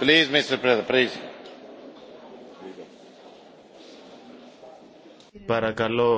Please, Mr. President, please. Παρακαλώ,